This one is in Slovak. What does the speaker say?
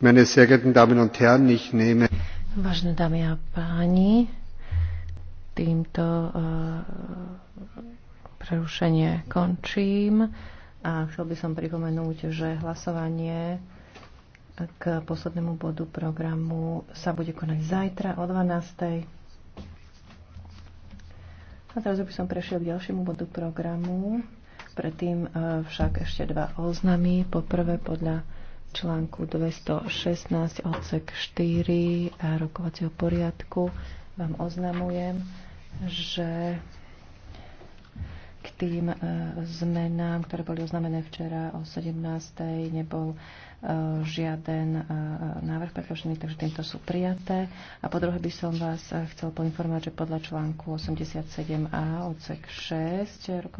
Meine sehr geehrten Damen und Herren, ich nehme... Vážené dámy a páni, týmto uh, prerušenie končím a chcel by som pripomenúť, že hlasovanie k poslednému bodu programu sa bude konať zajtra o 12. A teraz by som prešiel k ďalšiemu bodu programu. Predtým e, však ešte dva oznamy. Poprvé podľa článku 216 odsek 4 a rokovacieho poriadku vám oznamujem, že k tým e, zmenám, ktoré boli oznamené včera o 17. nebol e, žiaden e, návrh predložený, takže týmto sú prijaté. A po druhé by som vás chcel poinformovať, že podľa článku 87a odsek 6 rokovacieho